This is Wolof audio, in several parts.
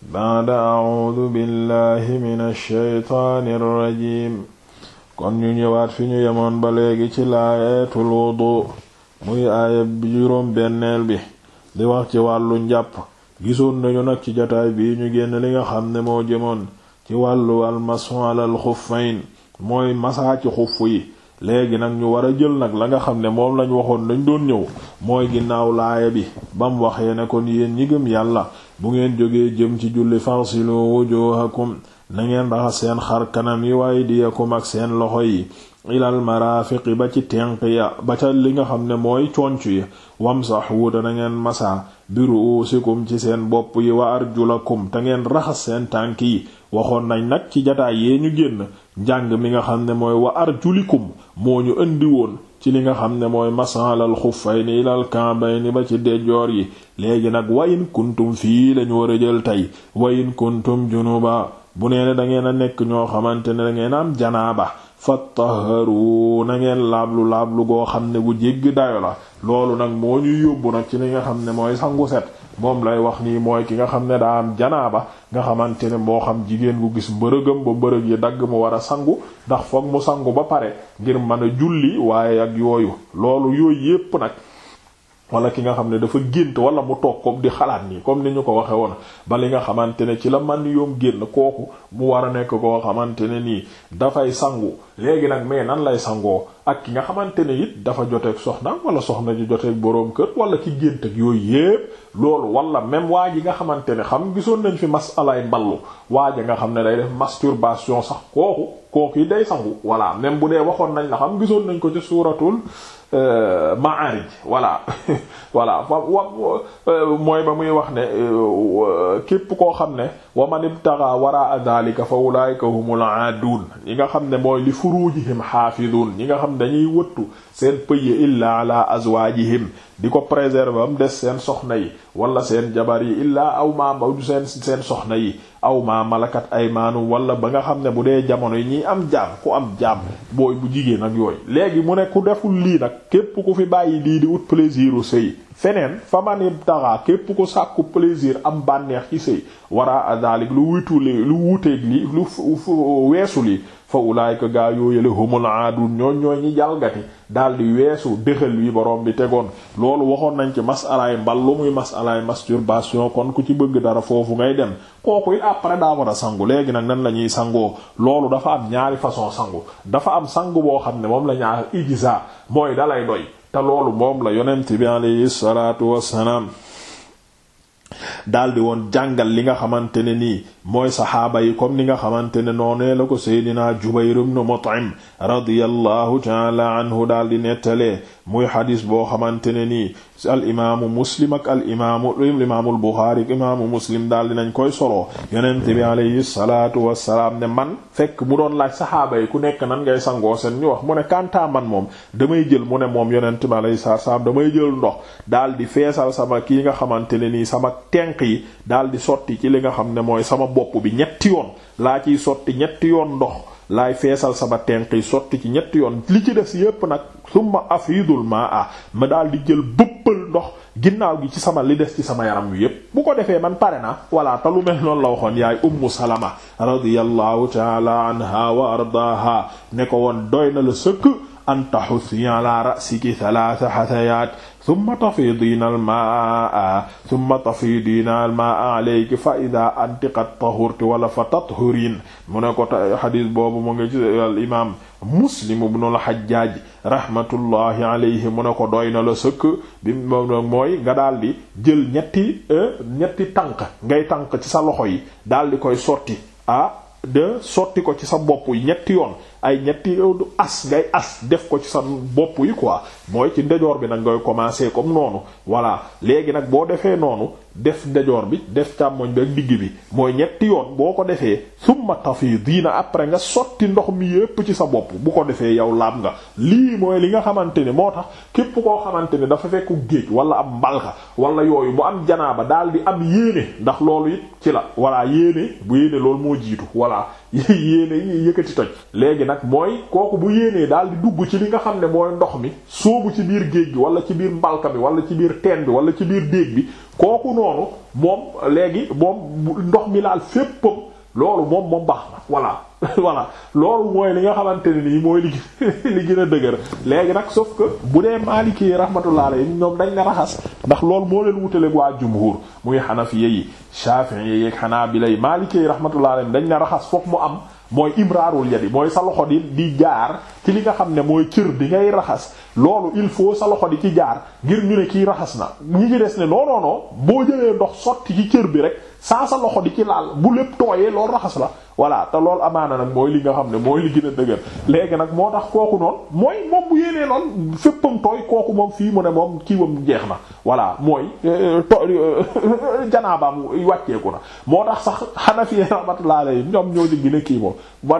baada audu billahi min alsheytaani irrajim kon ñu ñëwaat fi ñu yemoon ba léegi ci laayatul wudu muy aaya juróom benneel bi di wax ci wàllu njàpp gisoon nañu nag ci jataay bii ñu génn li nga xam ne moo jëmoon ci wàllu almasu alal xuffayn mooy masaa ci xuff yi léegi nag ñu war a jël nag la nga xam ne moom lañ waxoon dañ doon ñëw mooy ginnaaw laaya bi bam waxee nekkoon kon yéen ñi gëm yàlla bu ngeen jógee jëm ci julli fagsilu wujuhakum na ngeen raxas seen xar kanam yi waaye di diyakum ak seen loxo yi ilal marafiqi ba ci tenq ya ba ca li nga xam ne mooy conc yi wamsax wuuta na ngeen masa bi ru'usikum ci seen bopp yi wa arjulakum te ngeen raxas seen tànk yi waxoon nañ nag ci jataay yee ñu génn njàng mi nga xam ne mooy wa arjulikum moo ñu indi woon ci li nga xam ne mooy masalal xuffayni ilal ni ba ci dejoor yi léegi nag wayin kuntum fii lañu war a jël tey wayin kuntum junuba bu nee na da ngeen a nekk ñoo xamante ne da ngeen am janaaba fa na ngeen lablu laablu goo xam ne gu jéggi dayo la loolu nag moo ñuy yóbbu nag ci li nga xam ne mooy sangu set moom lay wax nii mooy ki nga xam ne daa am janaa ba nga xamante ne moo xam jigéen gu gis mbërëgam ba mbërëg yi dagg mu war a sangu ndax foog mu sangu ba pare ngir mën a julli waaye ak yooyu loolu yooyu yépp nag wala ki nga xam ne dafa gént wala mu toog ko di xalaat nii comme ni ñu ko waxe woon ba li nga xamante ne ci la man yoom génn kooku mu war a nekk koo xamante ne nii dafay sangu léegi nag mais nan lay sangoo ak ki nga xamante ne it dafa joteeg soxna wala soxna ji joteeg boroom kër wala ki gént ak yooyu yépp loolu wala même waa ji nga xamante ne xam gisoon nañ fi masalaay mballu waa ji nga xam ne day def masturbation sax kooku kooku yi day sangu voilà même bu dee waxoon nañ la xam gisoon nañ ko ci suuratul Euh, maarij voilà voilà fa euh, mooy ba muy wax ne euh, képp koo xam ne wa man ibtaga waraa dhalika fa ulaika humul aadun ñi nga xam ne mooy li furujihim xaafidun ñi nga xam ne dañuy wëttu seen pëye illa ala azwajihim di ko préserver am des seen soxna yi wala seen jabar yi illaa aw ma du seen seen soxna yi aw ma malakat aymaanu wala ba nga xam ne bu dee jamono yi ñiy am jaam ku am jaam booy bu jigéen ak yooyu léegi mu ne ku deful lii nag képp ku fi bàyyi lii di wut plaisir u sëy feneen fa man ibtaxa képp ko sàkku plaisir am bànneex ci sëy wara adalik lu wutuli lu wuuteeg li lu weesu li fa ulaayka gaa yooyale humul aadun ñooñ ñooy ñi jalgati daldi weesu déxal wi borom bi tegoon loolu waxoon nañ ci masalaay mbal lu muy masalaay masturbation kon ku ci bëgg dara foofu ngay dem kooku it après daa war a sangu léegi nag nan la ñuy sangoo loolu dafa am ñaari façon sangu dafa am sangu boo xam ne moom la ñaar ijza mooy dalay doy te loolu moom la yonent bi alayhi salaatu wassalaam daldi woon jàngal li nga xamante ne nii mooy saxaaba yi comme ni nga xamante ne noonee la ko seydinaa Jubayr ibn Mut'im radiyallahu taala anhu daldi nettalee muy xadis boo xamante ne nii al imaamu muslim ak al imaamu imaamul Buxaari ak imaamu muslim daldi nañ koy solo yonent bi alayhi salaatu wassalaam ne man fekk mu doon laaj saxaaba yi ku nekk nan ngay sangoo seen ñu wax mu ne kantaa man moom damay jël mu ne moom yonent bi alayhi salaatu wassalaam damay jë ndox daldi feesal sama kii tenq yi daal di sotti ci li nga xam ne mooy sama bopp bi ñetti yoon laa ciy sotti ñetti yoon ndox laay feesal sama tenq yi sotti ci ñetti yoon li ci des yépp nag summa afidul maa ah ma daal di jël bëppal ndox ginnaaw gi ci sama li des ci sama yaram wi yépp bu ko defee man pare na voilà te lu mel noonu la waxoon yaay ummu salama radiyallahu taala anha wa ardaha ne ko woon doy na la sëkk an taxusi ala rasiki thalatha hathayat summa tafiidiina almaa summa tafiidiina almaa alayki fa idaa anti qad tahurti wala fa tathuriin mu ne ko xadiis boobu mu ngi ci al imaam muslim ibnul xajjaaj rahmatullahi alayhi mu ne ko doy na la sëkk bi mooy nga daal di jël ñetti euh, ñetti tànk ngay tànk ci sa loxo yi daal di koy sotti ah de sotti ko ci sa bopp yi ñetti yoon ay ñetti yow du as ngay as def ko ci sa bopp yi quoi mooy ci ndejoor bi nag ngay commencer comme noonu voilà léegi nag boo defee noonu def ndejoor bi def càmmoñ bi ak digg bi mooy ñetti yoon boo ko defee summa tafidiina après nga sotti ndox mi yépp ci sa bopp bu ko defee yow laab nga lii mooy li nga xamante ni moo tax képp koo xamante ni dafa fekku géej wala am mbalka wala yooyu mu am janaaba daal di am yéene ndax loolu it ci la voilà yéene bu yéene loolu moo jiitu voilà yéene yi yëkkati toj léegi nag mooy kooku bu yéenee daal di dugg ci li nga xam ne mooy ndox mi sóobu ci biir géej gi wala ci biir mbalka bi wala ci biir teen bi wala ci biir déeg bi kooku noonu moom léegi moom ndox mi laal féppam loolu moom moom baax na voilà voilà loolu mooy li nga xamante ne nii mooy li li gën a dëgër léegi nag sauf que bu dee maalikee rahmatullah alayhim ñoom dañ ne raxas ndax loolu moo leen wutaleeg waa jumhur muy xanafiye yi shafi'i yeeg xanaabila yi maalikee rahmatullah alayhim dañ ne raxas fokk mu am mooy imraarul yadi mooy sa loxo di di jaar ci li nga xam ne mooy cër bi ngay raxas loolu il faut sa loxo di ci jaar ngir ñu ne kii raxas na ñi ci des ne non boo jëlee ndox sotti ci cër bi rek saa sa loxo di ci laal bu lépp tooyee loolu raxas la voilà te loolu amaana nag mooy li nga xam ne mooy li gën a dëgër léegi nag moo tax kooku noonu mooy moom bu yéenee noonu féppam tooy kooku moom fii mu ne moom kiiwam jeex na voilà mooy euh, to euh, janaabaam wàcceeku na moo tax sax Hanafi rahmatullahi alayhi ñoom ñoo ci gën a kii moom ba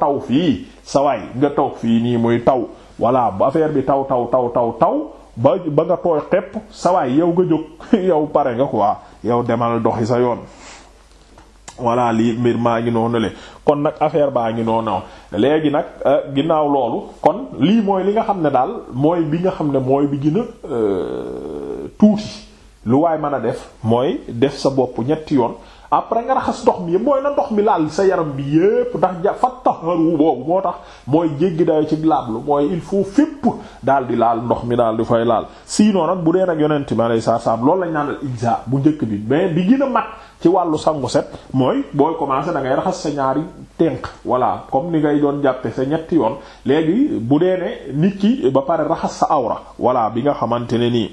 taw fii sa nga taw fii nii muy taw voilà bu affaire bi taw taw taw taw taw ba ba nga tooy xepp sawaay yow nga jóg yow pare nga quoi yow demal doxi sa yoon voilà lii mbir maa ngi noonu le kon nag affaire baa ngi noo noonu léegi nag euh, ginnaaw loolu kon lii mooy li nga xam ne daal mooy bi nga xam ne mooy bi gën a euh, tuuti lu waay mën a def mooy def sa bopp ñetti yoon après nga raxas ndox mi yëpp mooy na ndox mi laal sa yaram bi yépp ndax ja fattaharu boobu moo tax mooy jéggi dayo ci laablu mooy il faut fépp daal di laal ndox mi daal di fay laal sinon nag bu dee nag yonent mi alei saatu salaam loolu lañ naan al bu njëkk bi mais bi gën a mat ci wàllu sangu set mooy booy commencé da raxas sa ñaari tenq voilà comme ni ngay doon jàppe sa ñetti yoon léegi bu dee ne nit ki ba pare raxas sa awra voilà bi nga xamante ne nii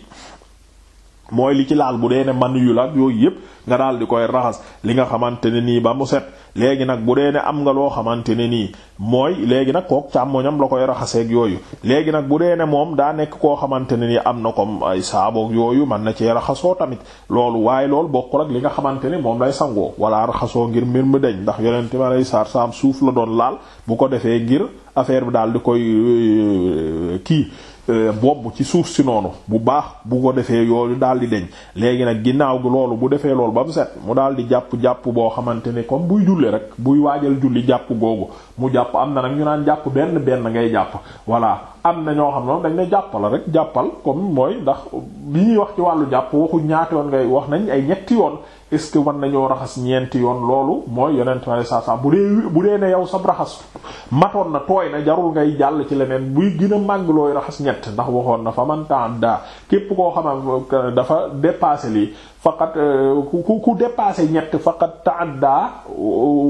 mooy li ci laal bu dee ne man yu la yooyu yëpp nga daal di koy raxas li nga xamante ne nii ba mu set léegi nag bu dee ne am nga loo xamante ne nii mooy léegi nag kook càmmoñam la koy raxaseek yooyu léegi nag bu dee ne moom daa nekk koo xamante ne nii am na comme ay saaboog yooyu mën na cee raxasoo tamit loolu waaye loolu bokkul ak li nga xamante ne moom lay sangoo wala raxasoo ngir mbir mu deñ ndax yonente ma lay saar saam suuf la doon laal bu ko defee ngir affaire bi daal di koy euh, kii Euh, bobb ci suuf si noonu bu baax bu ko defee yooyu daal di deñ léegi nag ginnaaw gi loolu bu defee loolu ba mu set mu daal di jàpp-jàpp boo xamante ne comme buy julli rek buy waajal julli jàpp googu mu jàpp am na nag ñu naan jàpp benn benn ngay jàpp voilà am na ñoo xam noonu dañ ne jàppal rek jàppal comme mooy ndax bi ñuy wax ci wàllu jàpp waxu ñaata yoon ngay wax nañ ay ñetti yoon est ce que mën nañoo raxas ñeenti yoon loolu mooy yonent ma saa saa bu dee bu dee ne yow sab raxas matoon na tooy na jarul ngay jàll ci leneen buy gën a màgg looy raxas ñett ndax waxoon na fa man ta'adda képp koo xamam dafa dépassé lii faqat ku ku dépassé ñett faqat ta'adda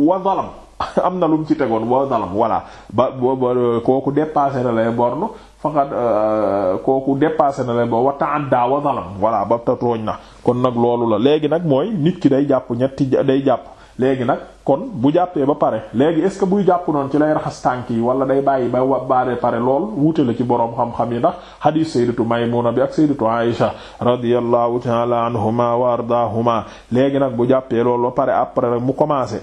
wa zalam am na lu mu ci tegoon boo dalam voilà ba booba kooku dépassé na lay borne faqad euh, kooku dépassé na lay borne wa ta'adda wa dalam voilà ba tooñ na kon nag loolu la léegi nag mooy nit ki day jàpp ñetti day jàpp léegi nag kon bu jàppee ba pare léegi est ce que buy jàpp noonu ci lay raxas tànk yi wala day bàyyi ba wa baaree pare lool wuute la ci boroom xam-xam yi ndax hadith sayyidatu maymuna bi ak sayyidatu aisha radiyallahu ta'ala anhuma wa ardaahuma léegi nag bu jàppee loolu ba pare après nag commencé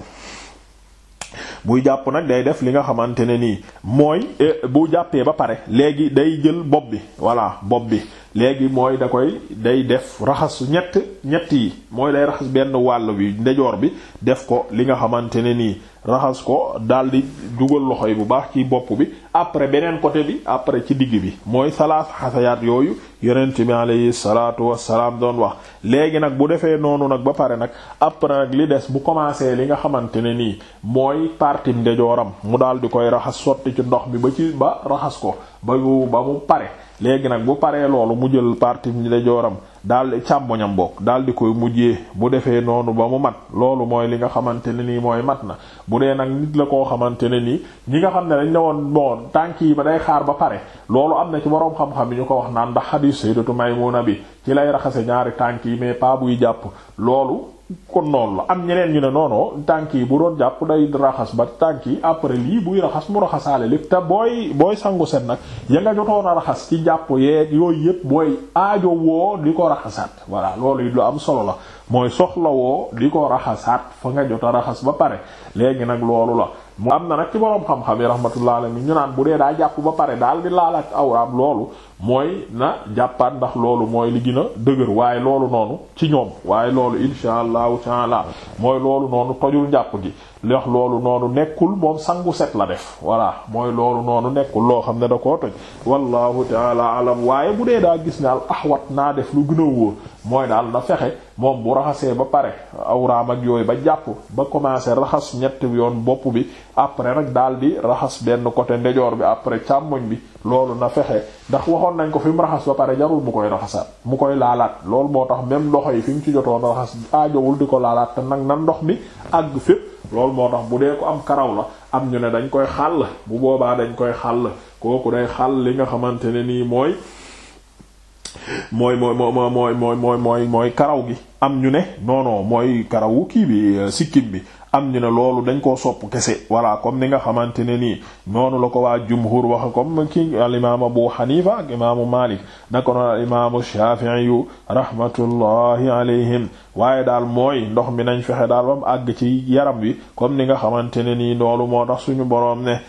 buy jàpp nag day def li nga xamante ne nii mooy eh, bu jàppee ba pare léegi day jël bopp bi voilà bopp bi léegi mooy da koy day def raxas ñett ñett yi mooy day raxas benn wàll bi ndejoor bi def ko li nga xamante ne nii raxas ko daldi dugal loxo yi bu baax ci bopp bi après beneen côté bi après ci digg bi mooy salaas xasayaat yooyu yonent bi alayhi salaatu wassalaam doon wax léegi nag bu defee noonu nag ba pare nag après nag li des bu commencé li nga xamante ne nii mooy partie ndejooram mu daal di koy raxas sotti ci ndox bi ba ci ba raxas ko ba yu ba léegi nag bu paree loolu mu jël partie ndejooram daal di càmmoñam bokk daal di koy mujjee mu defee noonu ba mu mat loolu mooy li nga xamante ne nii mooy mat na mu dee nag nit la koo xamante ne nii ñi nga xam ne dañ ne woon bon tànk yi ba day xaar ba pare loolu am na ci boroom xam-xam yi ñu ko wax naan ndax hadith sayyidatu na bi ci lay raxase ñaari tànk yi mais pas buy jàpp loolu kon noonu la am ñeneen ñu ne noonu tànk yi bu doon jàpp day raxas ba tànk yi après lii buy raxas mu raxasaale lépp te booy booy sangu set nag ya nga jotoon a raxas ci jàpp yeeg yooyu yëpp booy aajo woo di ko raxasaat voilà loolu yi lu am solo la mooy soxla woo di ko raxasaat fa nga jot a raxas ba pare léegi nag loolu la mu am na nag ci boroom xam-xam yi rahmatullah alayhi ñu naan bu dee daa jàpp ba pare daal di laalaat awraam loolu mooy na jàppaat ndax loolu mooy li gën a dëgër waaye loolu noonu ci ñoom waaye loolu insha allahu taala mooy loolu noonu tojul njàpp gi wax loolu noonu nekkul moom sangu set la def voilà mooy loolu noonu nekkul loo xam ne da koo toj wallahu taala alam waaye bu dee daa gis ne al ahwat naa def lu gën a wóor mooy daal na fexe moom bu raxasee ba pare awraam ak yooyu ba jàpp ba commencer raxas ñett yoon bopp bi après nag daal di raxas benn côté ndejoor bi après càmmoñ bi loolu na fexe ndax waxoon nañ ko fi mu raxas ba pare jarul mu koy raxasaat mu koy laalaat lool moo tax même loxo yi fi mu ci jotoon raxas aajowul di ko laalaat te nag na ndox mi àgg fépp loolu moo tax bu dee ko am karaw la am ñu ne dañ koy xàll bu boobaa dañ koy xàll kooku day xàll li nga xamante ne nii mooy mooy mooy mooy mooy mooy mooy karaw gi am ñu ne non mooy karawu kii bi euh, sikkim bi am ñu na loolu dañ koo sopp kese voilà comme ni nga xamante ne nii noonu la ko waa jumhur wax comme ki al imam abu hanifa ak imaamu malik naka noonu al imaamu shafi'i yu rahmatullahi alayhim waaye daal mooy ndox mi nañ fexe daal bam àgg ci yaram wi comme ni nga xamante ne nii loolu moo tax suñu boroom ne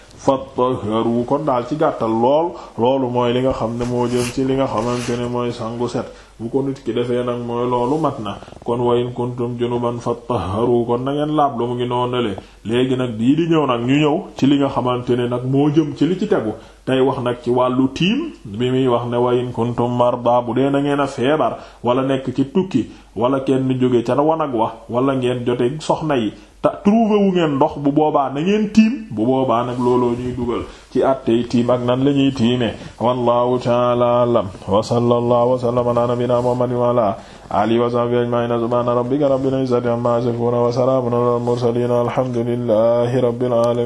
wu kon daal ci gàttal lool loolu mooy li nga xam ne moo jëm ci li nga xamante ne mooy sangu set bu ko nit ki defee nag mooy loolu mat na kon wa in kuntum junuban fattaharu kon na ngeen laab lu mu ngi noonale léegi nag dii di ñëw nag ñu ñëw ci li nga xamante ne nag moo jëm ci li ci tegu tey wax nag ci wàllu tiim bi muy wax ne wayin kuntum marda bu dee na ngeen a feebar wala nekk ci tukki wala kenn jóge ca wanag wa wala ngeen jote soxna yi te trouvé wu ngeen ndox bu boobaa na ngeen tiim bu boobaa nag looloo ñuy dugal ci àttey tiim ak nan la ñuy tiime wallahu ta'ala alam wa sallallahu wa sallama ala nabina muhammadin wa ala alihi wa sahbihi ajma'in subhana rabbika rabbil izzati amma yasifun wa salamun alal mursalin alhamdulillahi rabbil alamin